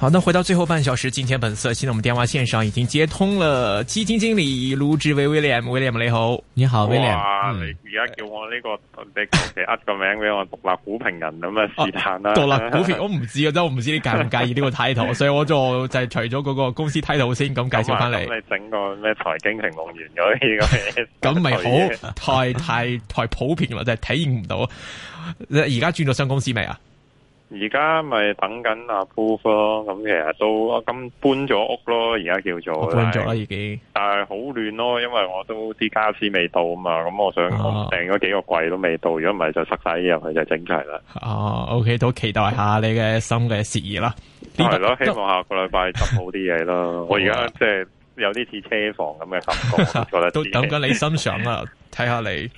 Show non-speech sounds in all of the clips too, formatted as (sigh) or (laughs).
好，那回到最後半小時金錢本色，現在我們電話線上已經接通了基金經理盧志威 William，William 雷猴，William，你好哇，William。而家叫我呢、這個 (laughs) 你求其呃個名俾我獨，獨、啊、立股評人咁啊是但啦。獨立股評，我唔知啊，真係我唔知你介唔介意呢個 title，所以我就就係除咗嗰個公司 title 先咁介紹翻你。你整個咩財經評論員嗰啲咁，咁咪 (laughs) 好 (laughs) 太太太普遍就者、是、體驗唔到。而家轉咗新公司未啊？而家咪等緊阿 Poof 咯，咁其實都咁搬咗屋咯，而家叫做搬咗啦已經，但係好亂咯，因為我都啲家私未到、嗯、啊嘛，咁我想訂咗幾個櫃都未到，如果唔係就塞晒嘢入去就整齊啦。哦、啊、，OK，都期待下你嘅新嘅事業啦。係咯，希望下個禮拜執好啲嘢咯。 (laughs) 我而家即係有啲似車房咁嘅感覺， (laughs) 覺 (laughs) 都等緊你心想啊，睇下 (laughs) 你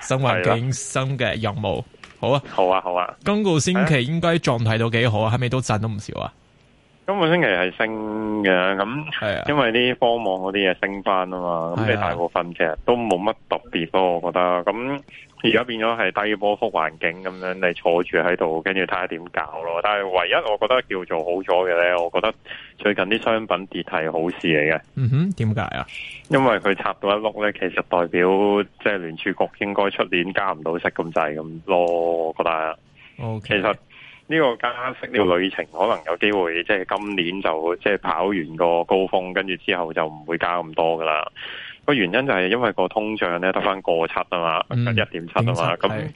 身 (laughs) 新環境新嘅任務。好啊，好啊，好啊！今個星期應該狀態都幾好啊，係咪都賺到唔少啊？今個星期係升嘅，咁、啊、因為啲科網嗰啲嘢升翻啊嘛，咁你大部分其實、啊、都冇乜特別咯，我覺得。咁而家變咗係低波幅環境咁樣，你坐住喺度，跟住睇下點搞咯。但係唯一我覺得叫做好咗嘅咧，我覺得最近啲商品跌係好事嚟嘅。嗯哼，點解啊？因為佢插到一碌咧，其實代表即係聯儲局應該出年加唔到息咁滯咁咯，我覺得。Okay。其實呢個加息呢、呢個旅程可能有機會即係今年就即係跑完個高峰，跟住之後就唔會加咁多噶啦。個原因就係因為個通脹咧得翻個七啊嘛，得一點七啊嘛。咁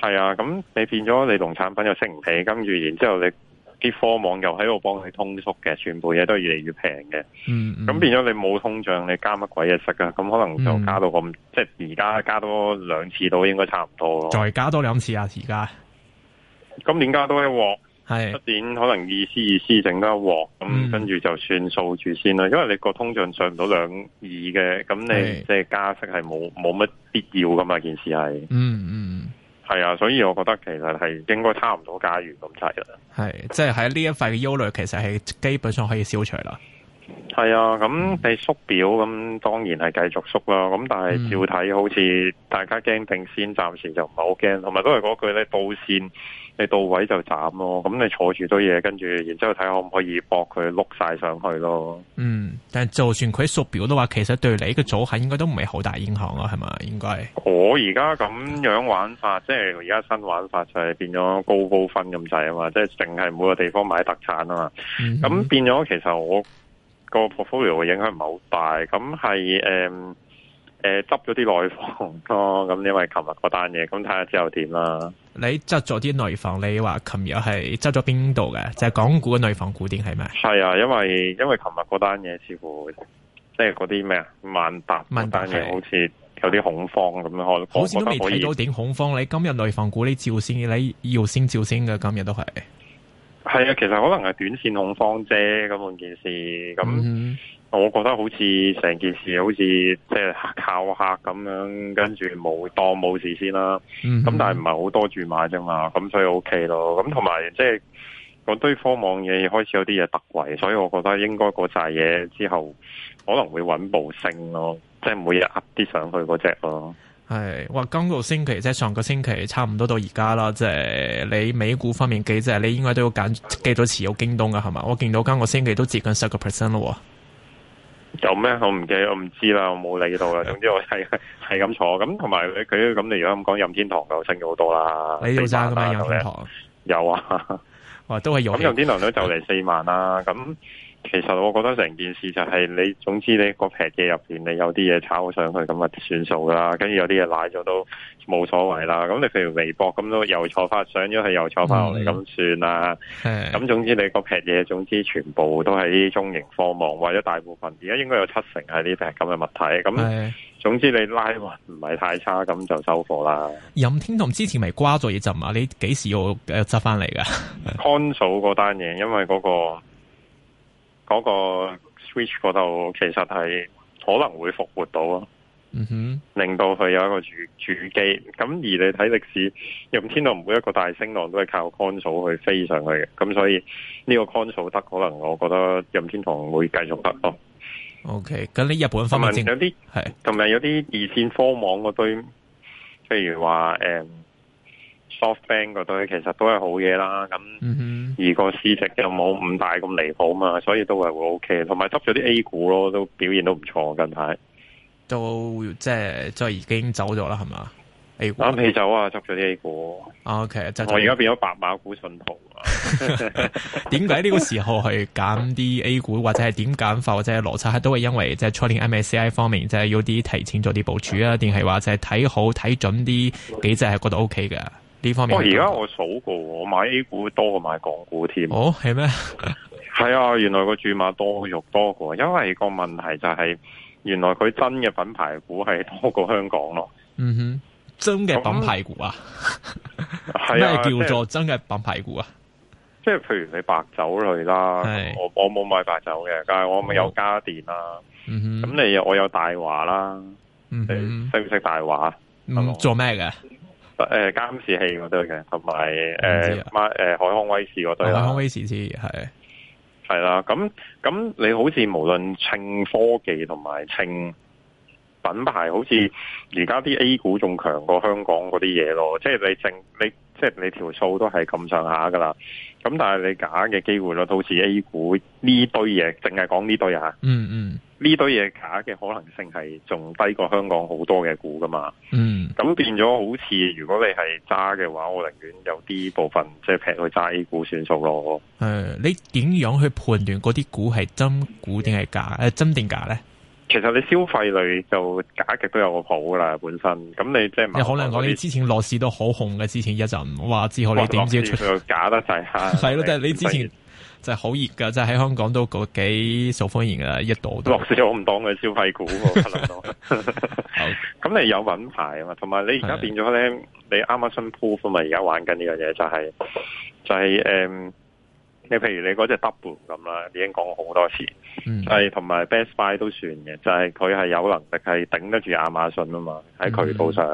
係啊，咁那的你變咗你農產品又升唔起，跟住然之後，後你啲科網又喺度幫佢通縮嘅，全部嘢都越嚟越平嘅。咁、嗯嗯、變咗你冇通脹，你加乜鬼嘢息啊？咁可能就加到咁，嗯、即係而家加多兩次都應該差唔多咯。再加多兩次啊！而家今年加多一鑊，是一點可能意思意思整多一鑊，咁、嗯、跟住就算數住先啦。因為你個通脹上唔到兩二嘅，咁你是即係加息係冇冇乜必要噶嘛？件事係嗯嗯，係啊，所以我覺得其實係應該差唔多加完咁滯啦。係即係喺呢一塊嘅憂慮，其實係基本上可以消除啦。係、嗯、啊，咁你縮表咁當然係繼續縮啦。咁但係照睇，好似大家驚定先，暫時就唔係好驚，同埋都係嗰句咧，報線。你到位就斬咯，咁你坐住堆嘢，跟住然之後睇下可唔可以博佢碌晒上去咯。嗯，但係就算佢縮表都話，其實對你嘅組合應該都唔係好大影響啊，係咪？應該我而家咁樣玩法，即係而家新玩法就係變咗高高分咁滯啊嘛，即係淨係每個地方買特產啊嘛。咁、嗯、哼變咗其實我個 portfolio 嘅影響唔係好大，咁係誒。嗯誒，執咗啲內房咯，咁因為琴日嗰單嘢，咁睇下之後點啦，啊。你執咗啲內房，你話琴日係執咗邊度嘅？就係、是、港股嘅內房股跌係咪？係啊，因為因為琴日嗰單嘢，似乎即係嗰啲咩啊，萬達、萬達嘢好似有啲恐慌咁樣開，好似都未睇到點恐慌。你今日內房股你照先，你要先，照先嘅今日都係。係啊，其實可能係短線恐慌啫，咁換件事，咁、嗯、哼我覺得好似成件事好似即係靠客咁樣，跟住冇當冇事先啦。咁、嗯、哼但係唔係好多注碼啫嘛，咁所以 OK 咯。咁同埋即係嗰堆科網嘢，開始有啲嘢突圍，所以我覺得應該嗰扎嘢之後可能會穩步升咯，即係每日 up 啲上去嗰隻咯。係，話今個星期即係上個星期差唔多到而家啦，即係你美股方面幾隻，你應該都要揀記到持有京東噶係嘛？我見到今個星期都接近十個 percent 咯。有咩？我唔記得，我唔知啦，我冇理到啦。總之我係係咁坐，咁同埋佢咁你而家講任天堂就升咗好多啦。你有揸噶咩任天堂？有啊，哇，都係有。咁任天堂都就嚟四萬啦。咁。 (laughs) 其實我覺得成件事就係你，總之你個撇嘢入邊，你有啲嘢炒上去咁啊算數啦。跟住有啲嘢拉咗都冇所謂啦。咁你譬如微博咁都又坐翻上咗係又坐翻落嚟咁算啦。咁、嗯、總之你個撇嘢，總之全部都喺中型科網，或者大部分而家應該有七成喺呢撇咁嘅物體。咁的總之你拉運唔係太差，咁就收貨啦。任天堂之前咪瓜咗嘢執嘛？你幾時又執翻嚟噶 c o 嗰單嘢，因為嗰、那個。嗰個 switch 嗰度其實係可能會復活到咯，嗯哼，令到佢有一個主主機。咁而你睇歷史，任天堂每一個大升浪都係靠 console 去飛上去嘅，咁所以呢個 console 得，可能我覺得任天堂會繼續得咯。OK，咁你日本方面先，有啲係同埋有啲二線科網嗰堆，譬如話誒。Um, softbank 嗰對其實都係好嘢啦，咁而個市值又冇五大咁離譜嘛，所以都係會 O K。同埋執咗啲 A 股咯，都表現都唔錯，近排都即係即係已經走咗啦，係嘛？A 股，諗起走啊，執咗啲 A 股。O、okay, K，就我而家變咗白馬股信徒啊？點解呢個時候去揀啲 A 股或者係點揀法或者係邏輯，都係因為即係初年 MSCI 方面即係有啲提前做啲部署啊，定係話即係睇好睇準啲，幾隻係覺得 O K 嘅。我而家我數過，我買 A 股多過買港股添。哦，係咩？係啊，原來個注碼多肉多過，因為個問題就係，原來佢真嘅品牌股係多過香港咯。嗯哼，真嘅品牌股啊？啊，咩叫做真嘅品牌股啊？即係譬如你白酒類啦，我我冇買白酒嘅，但係我咪有家電啦。嗯，咁你我有大華啦。你識唔識大華？做咩嘅？誒，監視器嗰對嘅，同埋誒、馬誒、呃，海康威視嗰對啦，海康威視之係係啦，咁咁你好似無論稱科技同埋稱品牌，好似而家啲 A 股仲強過香港嗰啲嘢咯，即係你正你。即係你條數都係咁上下噶啦，咁但係你假嘅機會咯，到時 A 股呢堆嘢淨係講呢堆吓、嗯，嗯嗯，呢堆嘢假嘅可能性係仲低過香港好多嘅股噶嘛，嗯，咁變咗好似如果你係揸嘅話，我寧願有啲部分即係劈去揸 A 股算數咯。誒、嗯，你點樣去判斷嗰啲股係真股定係假誒真定假咧？其實你消費類就假極都有個譜，噶啦，本身咁你即係可能我哋之前落市都好紅嘅之前一陣，哇！之後你點知出嚟假得晒。吓？係咯 (laughs) 了，但係你之前就係好熱噶，就喺、是、香港都嗰幾受歡迎噶一度都落市，我唔當佢消費股。咁你有品牌啊嘛，同埋你而家變咗咧，你 Amazon proof 咁啊，而家玩緊呢樣嘢就係、是、就係、是、誒。就是就是 um, 你譬如你嗰隻 double 咁啦，已經講過好多次，係同埋 best buy 都算嘅，就係佢係有能力係頂得住亞馬遜啊嘛，喺渠道上。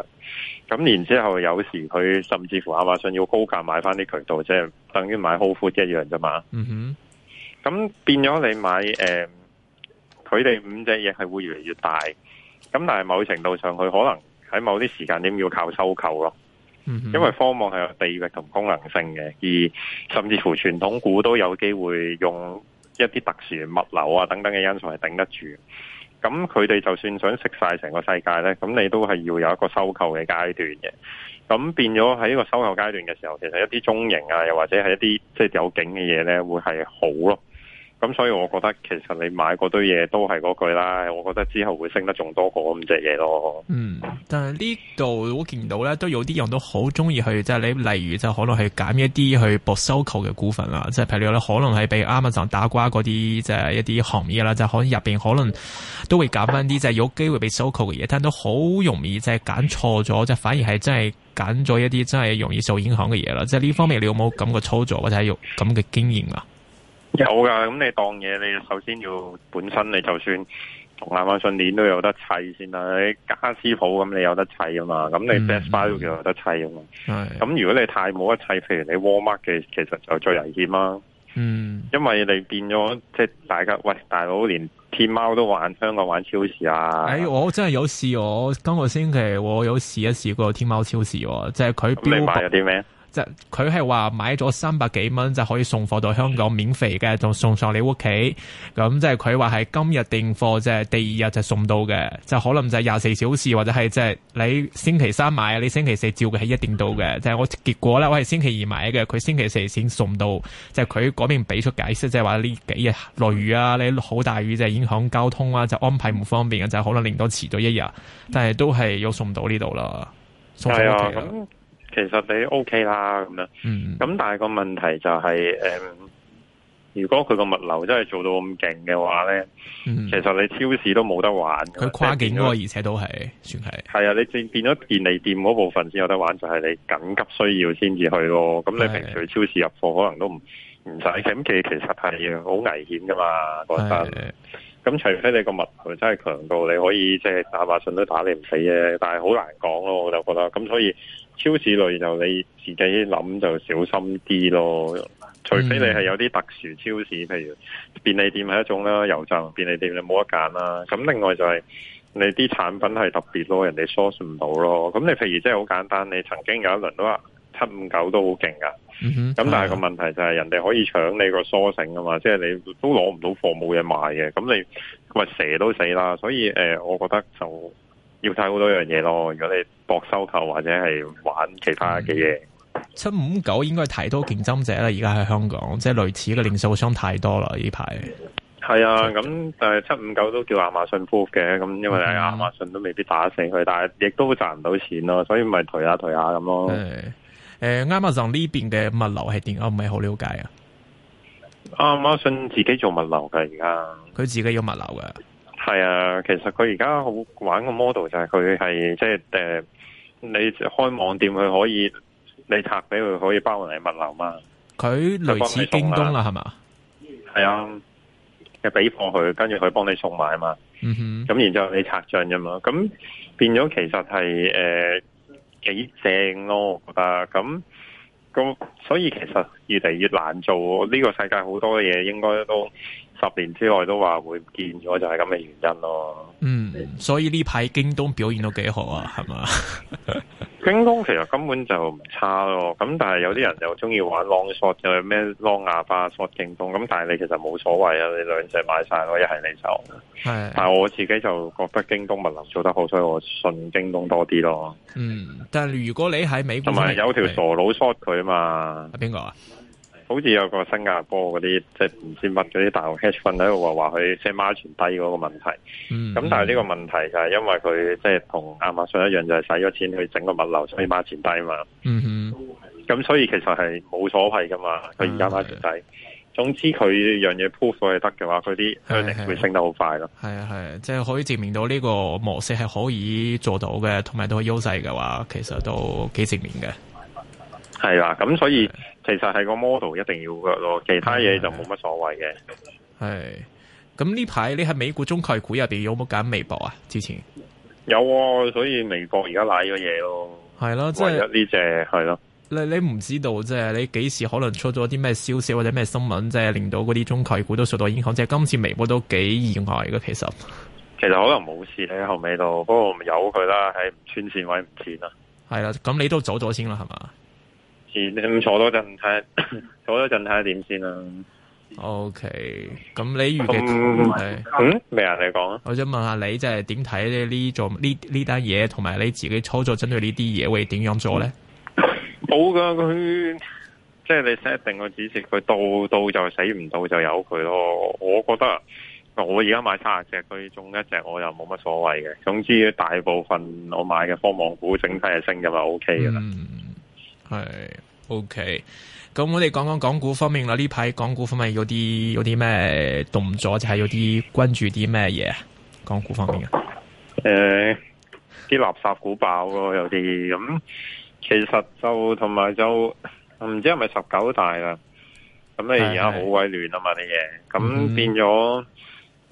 咁、嗯、然之後有時佢甚至乎亞馬遜要高價買翻啲渠道，即係等於買 Whole Foods 一樣啫嘛。咁、嗯、變咗你買誒，佢哋五隻嘢係會越嚟越大。咁但係某程度上，佢可能喺某啲時間點要靠收購咯。因為科網係有地域同功能性嘅，而甚至乎傳統股都有機會用一啲特殊物流啊等等嘅因素嚟頂得住。咁佢哋就算想食晒成個世界咧，咁你都係要有一個收購嘅階段嘅。咁變咗喺呢個收購階段嘅時候，其實一啲中型啊，又或者係一啲即係有景嘅嘢咧，會係好咯。咁所以我覺得其實你買嗰堆嘢都係嗰句啦，我覺得之後會升得仲多過咁隻嘢咯。嗯，但係呢度我見到咧都有啲人都好中意去即係、就是、你例如就可能去揀一啲去搏收購嘅股份啦，即、就、係、是、譬如你可能係俾 Amazon 打瓜嗰啲即係一啲行業啦，就可能入邊可能都會揀翻啲即係有機會俾收購嘅嘢，但都好容易即係揀錯咗，即、就、係、是、反而係真係揀咗一啲真係容易受影響嘅嘢啦。即係呢方面你有冇咁嘅操作或者有咁嘅經驗啊？有噶，咁你當嘢，你首先要本身你就算同亞馬遜年都有得砌先啦，你家私舖咁你有得砌啊嘛，咁、嗯、你 Best Buy 都又有得砌啊嘛。係的，咁如果你太冇得砌，譬如你 Walmart 嘅，其實就最危險啦。嗯，因為你變咗即係大家喂，大佬連天貓都玩，香港玩超市啊。哎，我真係有試，我今個星期我有試一試個天貓超市喎，啊，即係佢。咁你買咗啲咩？佢係話買咗三百幾蚊就可以送貨到香港免費嘅，仲送上你屋企。咁即係佢話係今日訂貨，即係第二日就送到嘅。就可能就係廿四小時或者係即係你星期三買，你星期四照嘅係一定到嘅。就係我結果咧，我係星期二買嘅，佢星期四先送到。就佢嗰邊俾出解釋，即係話呢幾日落雨啊，你好大雨，就係影響交通啊，就安排唔方便啊，就可能令到遲咗一日。但係都係要送到呢度啦，送到屋企啦。哎其實你 OK 啦，咁樣、嗯。咁但係個問題就係、是，誒、呃，如果佢個物流真係做到咁勁嘅話咧，嗯、其實你超市都冇得玩。佢跨境啊，而且都係算係。係啊，你變變咗便利店嗰部分先有得玩，就係、是、你緊急需要先至去咯。咁你平時去超市入貨可能都唔唔使嘅。咁的其實其實係好危險噶嘛，我覺得的。咁除非你個物係真係強到你可以即係打麻將都打你唔死嘅，但係好難講咯，我就覺得咁，所以超市類就你自己諗就小心啲咯。除非你係有啲特殊超市，譬如便利店係一種啦，油站便利店你冇得揀啦。咁另外就係你啲產品係特別咯，人哋 source 唔到咯。咁你譬如即係好簡單，你曾經有一輪都話。七五九都好勁噶，咁、嗯、哼但係個問題就係人哋可以搶你個梳繩啊嘛，嗯、即係你都攞唔到貨冇嘢賣嘅，咁你咪蛇都死啦。所以誒、呃，我覺得就要睇好多樣嘢咯。如果你博收購或者係玩其他嘅嘢、嗯，七五九應該太多競爭者啦。而家喺香港，即係類似嘅零售商太多啦。呢排係啊，咁但係七五九都叫亞馬遜 proof 嘅，咁因為亞馬遜都未必打死佢，但係亦都賺唔到錢咯，所以咪退下退下咁咯。嗯。誒，亞馬遜呢邊嘅物流係點？我唔係好了解啊。亞馬遜自己做物流噶，而家佢自己有物流噶。係啊，其實佢而家好玩個 model 就係佢係即係誒、呃，你開網店佢可以，你拆俾佢可以包埋物流嘛。佢類似京東啦，係嘛、嗯哼？係啊，你俾貨佢，跟住佢幫你送埋嘛。嗯、哼，咁然之後你拆賬啫嘛。咁變咗其實係誒。呃正咯、哦，我覺得，咁咁，所以其實越嚟越難做。呢個世界好多嘢應該都。十年之外都話會見咗，就係咁嘅原因咯。嗯，所以呢排京東表現都幾好啊？係嘛？ (laughs) 京東其實根本就唔差咯。咁但係有啲人又中意玩 long short 就係咩 long 阿里巴巴 short 京東咁。但係你其實冇所謂啊，你兩隻買晒，我一係你就係。是但係我自己就覺得京東物流做得好，所以我信京東多啲咯。嗯，但係如果你喺美國，同埋有條傻佬 short 佢啊嘛？邊個啊？好似有個新加坡嗰啲即係唔知乜嗰啲大行 exchange 喺度話話佢即係 margin 低嗰個問題，咁、嗯、但係呢個問題就係因為佢即係同亞馬遜一樣，就係使咗錢去整個物流，所以 margin 低啊嘛。咁、嗯、哼所以其實係冇所謂噶嘛，佢而家 margin 低。的總之佢樣嘢 proof 係得嘅話，佢啲壓力會升得好快咯。係啊係，即係可以證明到呢個模式係可以做到嘅，同埋都係優勢嘅話，其實都幾正面嘅。係啦，咁所以。其實係個 model 一定要嘅咯，其他嘢就冇乜所謂嘅。係咁，呢排你喺美股中概股入邊有冇揀微博啊？之前有啊，所以微博而家瀨咗嘢咯。係咯的，即係呢隻係咯。你你唔知道即係你幾時可能出咗啲咩消息或者咩新聞，即係令到嗰啲中概股都受到影響。即係今次微博都幾意外嘅，其實。其實可能冇事喺後尾度，不過由佢啦，係唔穿線位唔穿啦。係啦，咁你都走咗先啦，係嘛？你唔坐多陣睇，坐多陣睇下點先啦。O K，咁你預計係？嗯，未啊？你講。我想問下你，即係點睇咧？呢做呢呢單嘢，同埋你自己操作針對呢啲嘢，會點樣做咧？冇噶佢，即係你 set 定個指示，佢到到就死，唔到就由佢咯。我覺得我而家買三十隻，佢中一隻，我又冇乜所謂嘅。總之大部分我買嘅科網股整體係升嘅話，O K 噶啦。係。O K，咁我哋講講港股方面啦。呢排港股方面有啲有啲咩動作，就係有啲關注啲咩嘢啊？港股方面嘅，誒、呃，啲垃圾股爆咯，有啲咁、嗯。其實就同埋就唔知係咪十九大啦。咁你而家好鬼亂啊嘛啲嘢，咁變咗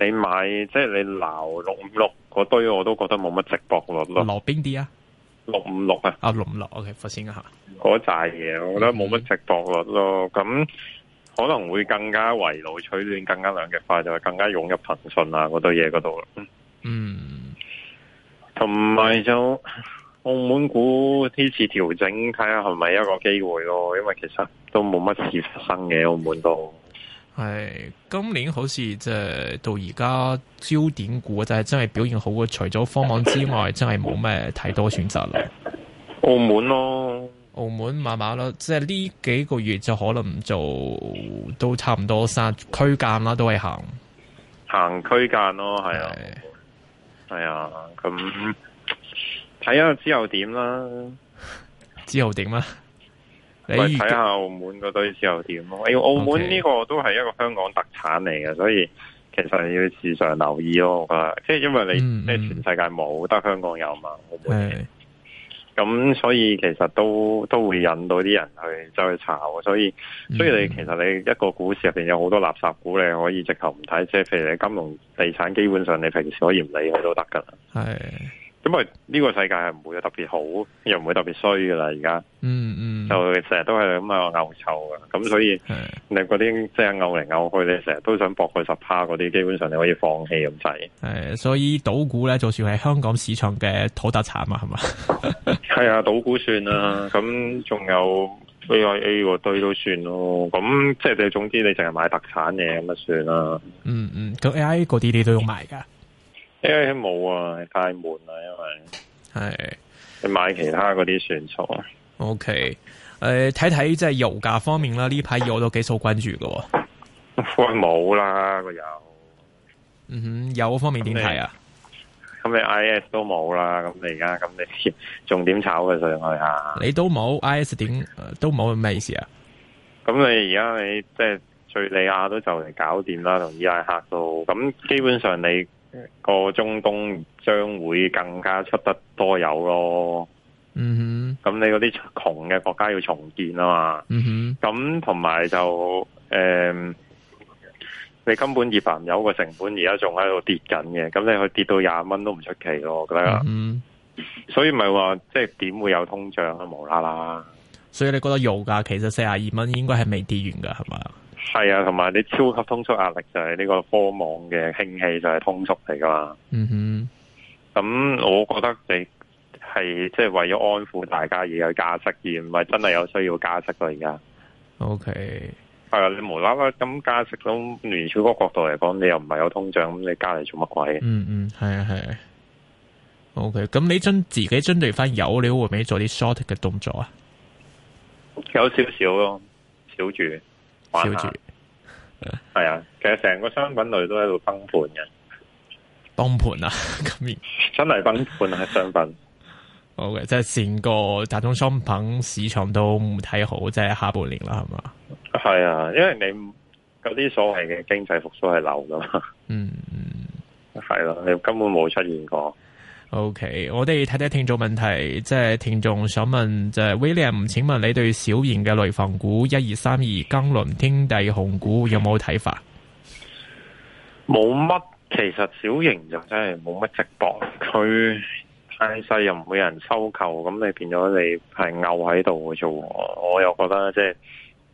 你買即係你撈六五六嗰堆，我都覺得冇乜值博率咯。撈邊啲啊？六五六啊，啊六五六，OK，放先一下。嗰扎嘢，我覺得冇乜直播率咯，咁可能會更加圍爐取暖，更加兩極化，就係、是、更加湧入騰訊啊嗰堆嘢嗰度咯。嗯，同埋就澳門股呢次調整，睇下係咪一個機會咯，因為其實都冇乜事發生嘅，澳門都。係、哎、今年好似即係到而家焦點股就係、是、真係表現好嘅，除咗科網之外， (laughs) 真係冇咩太多選擇啦。澳門咯，澳門麻麻啦，即係呢幾個月就可能做都差唔多三區間啦，都係行行區間咯，係 (laughs) 啊，係啊、 (laughs) 哎，咁睇下之後點啦， (laughs) 之後點啦。你睇下澳門嗰堆之後點咯，因澳門呢個都係一個香港特產嚟嘅，所以其實要時常留意咯。我覺得，即係因為你即係全世界冇，得、嗯嗯、香港有嘛，澳門。咁的所以其實都都會引到啲人去走去查，所以所以你、嗯、其實你一個股市入邊有好多垃圾股，你可以直頭唔睇。即係譬如你金融地產，基本上你平時可以唔理以，佢都得噶啦。係。因為，呢個世界係唔會特別好，又唔會特別衰噶啦，而家嗯嗯，嗯就成日都係咁啊拗臭噶，咁、嗯、所以是你嗰啲即係拗嚟拗去咧，成日都想搏佢十趴，嗰啲基本上你可以放棄咁滯。係、嗯，所以賭股咧，就算係香港市場嘅土特產 (laughs) 啊，係嘛？係啊，賭股算啦，咁仲有 A I A 堆都算咯，咁即係你總之你淨係買特產嘢咁啊算啦、嗯。嗯嗯，咁 A I A 嗰啲你都要買噶。因為冇啊，太悶啦，因為係你是買其他嗰啲算數啊。O K，誒，睇睇即係油價方面啦，呢排我都幾數關注嘅喎。我冇啦個油，嗯哼，油方面點睇啊？咁你，你 I S 都冇啦，咁你而家咁你仲點炒佢上去啊？你都冇 I S 點都冇咩意思啊？咁你而家你即係敘利亞都就嚟搞掂啦，同伊拉克都。咁基本上你。個中東將會更加出得多油咯。嗯哼，咁你嗰啲窮嘅國家要重建啊嘛，嗯哼，咁同埋就誒、呃，你頁岩油個成本而家仲喺度跌緊嘅，咁你去跌到廿蚊都唔出奇咯，咁樣、嗯哼，所以唔係話即係點會有通脹啊無啦啦，所以你覺得油價其實四十二蚊應該係未跌完噶係嘛？係啊，同埋你超級通縮壓力就係呢個科網嘅興起就係通縮嚟噶嘛。嗯哼，咁、嗯、我覺得你係即係為咗安撫大家而去加息，而唔係真係有需要加息噶。而家，O K。係 Okay. 啊，你無啦啦咁加息咁，聯儲局角度嚟講，你又唔係有通脹，咁你加嚟做乜鬼？嗯嗯，係啊係。O K，咁你將自己針對翻，有料，你會唔會做啲 short 嘅動作啊？有少少咯，少住。保住，係啊！ (laughs) 其實成個商品類都喺度崩盤嘅，崩盤啊！今 (laughs) 真係崩盤啊！商品好嘅，okay, 即係成個大宗商品市場都唔睇好，即係下半年啦，係嘛？係啊，因為你嗰啲所謂嘅經濟復蘇係流噶嘛嗯，嗯，係咯，你根本冇出現過。OK，我哋睇睇聽眾問題，即係聽眾想問，即係、就係、William，請問你對小型嘅雷房股一二三二、金輪天地、紅股有冇睇法？冇乜，其實小型就真係冇乜值博，佢太細又唔會有人收購，咁你變咗你係漚喺度嘅啫。我又覺得即係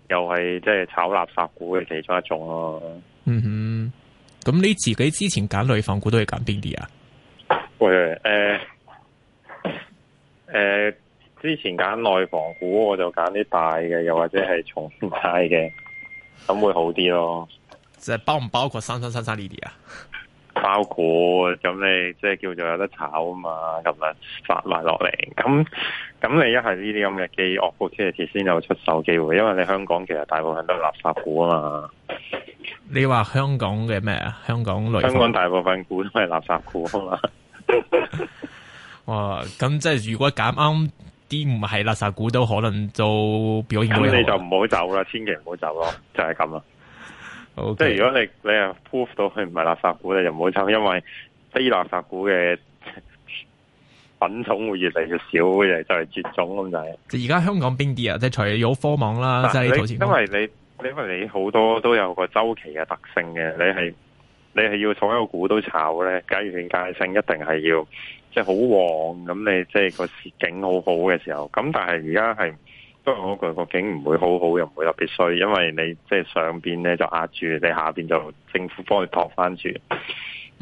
又係即係炒垃圾股嘅其中一種咯、啊。嗯哼，咁你自己之前揀雷房股都係揀邊啲啊？誒誒、欸欸，之前揀內房股，我就揀啲大嘅，又或者係重大嘅，咁會好啲咯。即係包唔包括三三三三呢啲啊？包括，咁你即係叫做有得炒啊嘛，咁啊發埋落嚟。咁咁你一係呢啲咁嘅機，我好先至先有出售機會，因為你香港其實大部分都係垃圾股啊嘛。你話香港嘅咩啊？香港內香港大部分股都係垃圾股啊嘛。 (laughs) 哇，咁即係如果揀啱啲唔係垃圾股，都可能做表現。咁你就唔好走啦，千祈唔好走咯，就係咁啦。即係如果你你係 prove 到佢唔係垃圾股，你就唔好走，因為非垃圾股嘅品種會越嚟越少嘅，就係絕種咁就係、是。而家香港邊啲啊？即係除咗科網啦，即係因為你，你因為你好多都有個週期嘅特性嘅，你係。你係要所有個股都炒咧，假如佢界性一定係要即係好旺，咁你即係個景好好嘅時候。咁但係而家係，不過我覺得個景唔會好好，又唔會特別衰，因為你即係、就是、上邊咧就壓住，你下邊就政府幫你托翻住。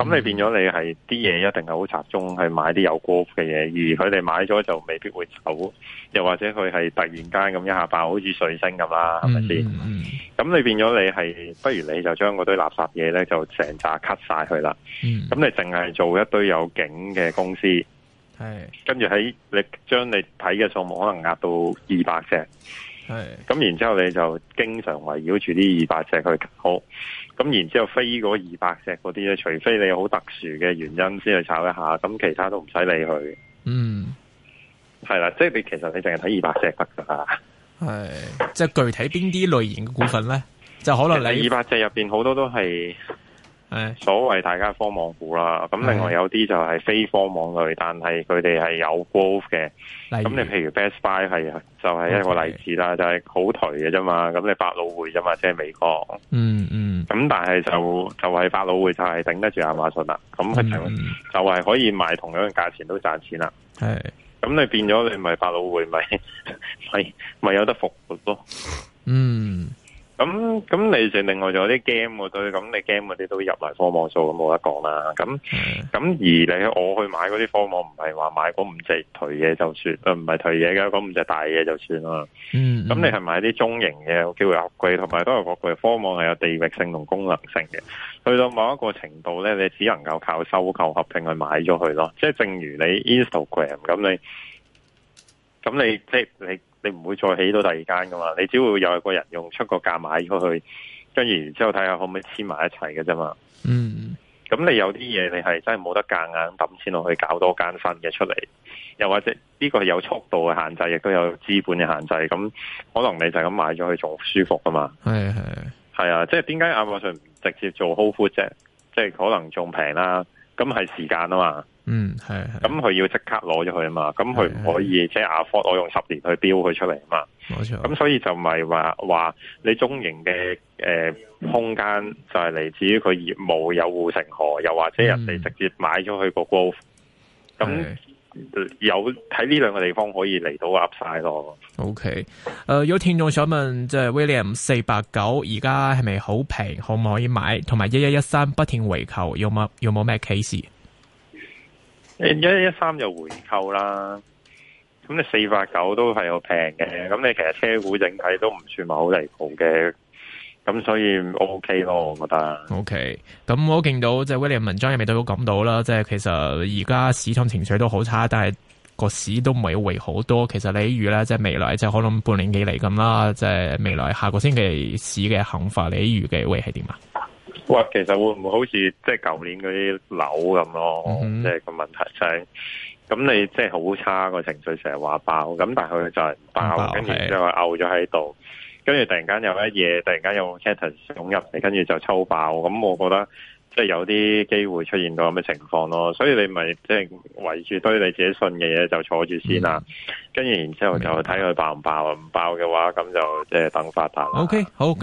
咁、嗯、你變咗你係啲嘢一定係好集中去買啲有股嘅嘢，而佢哋買咗就未必會走，又或者佢係突然間咁一下爆，好似水星咁啦，係咪先？咁、嗯嗯、你變咗你係，不如你就將嗰堆垃圾嘢咧，就成紮 cut 晒佢啦。咁你淨係做一堆有景嘅公司，係的跟住喺你將你睇嘅數目可能壓到二百隻。咁是然之後你就經常圍繞住啲二百隻去炒，咁然之後飛嗰二百隻嗰啲咧，除非你有好特殊嘅原因先去炒一下，咁其他都唔使理佢。嗯，係啦，即係你其實你淨係睇二百隻得噶啦。係，即係具體邊啲類型嘅股份咧？是就可能你二百隻入面好多都係。所謂大家科網股啦，咁另外有啲就係非科網類，但係佢哋係有 growth 嘅。咁如你譬如 Best Buy 係就係、是、一個例子啦，Okay. 就係好頹嘅啫嘛，咁你百老匯啫嘛，即、就、係、是、美國。嗯嗯。咁、嗯、但係就就係、是、百老匯就係頂得住亞馬遜啦。咁佢就係可以賣同樣嘅價錢都賺錢啦。係、嗯。咁你變咗你咪百老匯咪咪咪有得復活咯。嗯。咁咁你仲另外仲有啲 game 喎，對，咁你 game 嗰啲都入埋科網數，咁冇得講啦。咁咁而你我去買嗰啲科網，唔係話買嗰五隻頹嘢就算，唔係頹嘢嘅，嗰五隻大嘢就算啦。咁你係買啲中型嘅，有機會合併，同埋都係合併。科網係有地域性同功能性嘅，去到某一個程度咧，你只能夠靠收購合併去買咗佢咯。即係正如你 Instagram 咁你。咁你即係、就是、你你唔會再起到第二間噶嘛？你只會有一個人用出個價買咗去，跟然之後睇下可唔可以黐埋一齊嘅啫嘛。嗯。咁你有啲嘢你係真係冇得夾硬抌錢落去搞多間分嘅出嚟，又或者呢個係有速度嘅限制，亦都有資本嘅限制。咁可能你就咁買咗佢仲舒服噶嘛？係係係啊！即係點解亞馬遜唔直接做 Whole Foods？即、就、係、是、可能仲平啦。咁係時間啊嘛。嗯，係，咁佢要即刻攞咗佢啊嘛，咁佢唔可以的即係 afford 我用十年去標佢出嚟啊嘛，咁錯所以就唔係話話你中型嘅誒、呃嗯、空間就係嚟自於佢業務有護城河，又或者人哋直接買咗佢個 growth，咁有喺呢兩個地方可以嚟到 up 晒咯。O K，誒，有聽眾想問，即係 William 四八九，而家係咪好平？可唔可以買？同埋一一一三不停回購，有冇有冇咩啟示？有一一三又回購啦，咁你四百九都係有平嘅，咁你其實車股整體都唔算話好離譜嘅，咁所以我 O K 咯，我覺得。O K，咁我見到即係 William 文章亦都講到啦，即係其實而家市場情緒都好差，但係個市都唔係回好多。其實你預咧，即係未來即係可能半年幾嚟咁啦，即係未來下個星期市嘅行法，你預嘅位喺點啊？哇！其實會唔會好似即係舊年嗰啲樓咁咯？Mm hmm. 即係個問題就係咁，你即係好差個情緒，成日話爆，咁但係佢就係爆，跟住就係漚咗喺度，跟住的突然間有一夜，突然間有 catalyst 湧入嚟，跟住就抽爆。咁我覺得即係有啲機會出現到咁嘅情況咯。所以你咪即係圍住堆你自己信嘅嘢就坐住先啦、啊。跟住、嗯、然之後就睇佢爆唔爆。唔、嗯、爆嘅話，咁就即係等發達啦。O、okay, K，好。嗯